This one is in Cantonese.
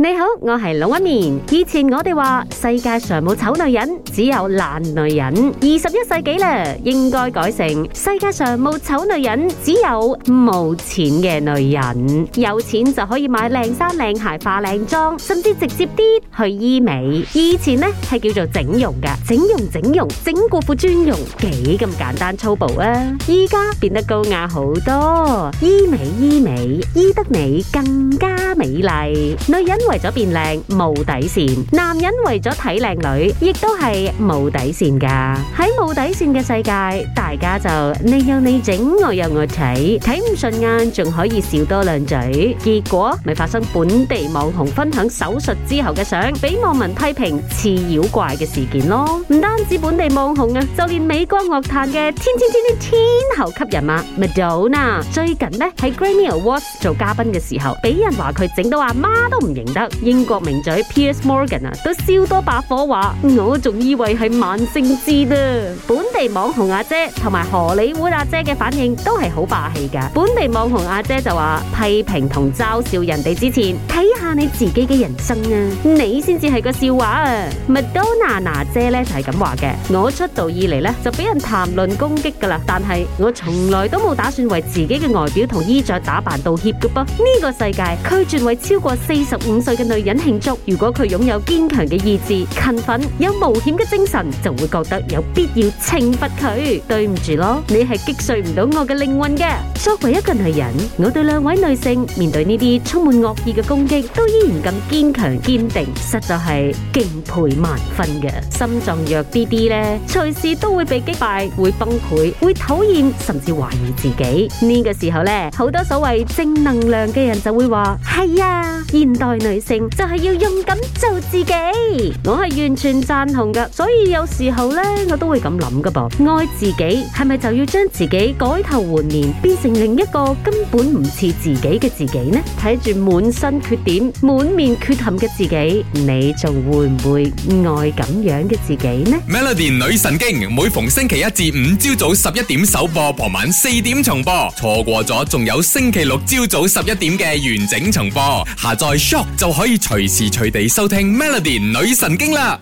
你好，我係老一年。以前我哋話世界上冇醜女人，只有懶女人。二十一世紀啦，應該改成世界上冇醜女人，只有冇錢嘅女人。有錢就可以買靚衫、靚鞋、化靚妝，甚至直接啲去醫美。以前呢，係叫做整容㗎，整容、整容、整過副尊容，幾咁簡單粗暴啊！依家變得高雅好多，醫美、醫美、醫得美更加美麗，女人。為咗變靚冇底線，男人為咗睇靚女，亦都係冇底線噶。喺冇底線嘅世界，大家就你有你整，我有我睇，睇唔順眼仲可以笑多兩嘴。結果咪發生本地網紅分享手術之後嘅相，俾網民批評似妖怪嘅事件咯。唔單止本地網紅啊，就連美國樂壇嘅天，天天天天天后級人物 Madonna，最近呢喺 Grammy Awards 做嘉賓嘅時候，俾人話佢整到阿媽都唔認得。英國名嘴 Piers Morgan 啊，都燒多把火話：我仲以為係萬聖節啊，本地網紅阿、啊、姐。同埋荷里活阿姐嘅反應都係好霸氣噶，本地網紅阿姐就話：批評同嘲笑人哋之前，睇啊！你自己嘅人生啊，你先至係個笑話啊！麥當娜娜姐咧就係咁話嘅。我出道以嚟咧就俾人談論攻擊噶啦，但係我從來都冇打算為自己嘅外表同衣着打扮道歉嘅噃。呢個世界拒絕為超過四十五歲嘅女人慶祝。如果佢擁有堅強嘅意志、勤奮有冒險嘅精神，就會覺得有必要懲罰佢。對唔住咯，你係擊碎唔到我嘅靈魂嘅。作為一個女人，我對兩位女性面對呢啲充滿惡意嘅攻擊。都依然咁堅強堅定，實在係敬佩萬分嘅。心臟弱啲啲咧，隨時都會被擊敗，會崩潰，會討厭，甚至懷疑自己。呢個時候咧，好多所謂正能量嘅人就會話：係啊，現代女性就係要勇敢做自己。我係完全贊同噶，所以有時候咧，我都會咁諗噶噃。愛自己係咪就要將自己改頭換面，變成另一個根本唔似自己嘅自己呢？睇住滿身缺點，滿面缺陷嘅自己，你仲會唔會愛咁樣嘅自己呢？Melody 女神經每逢星期一至五朝早十一點首播，傍晚四點重播，錯過咗仲有星期六朝早十一點嘅完整重播。下載 Shop 就可以隨時隨地收聽 Melody 女神經啦。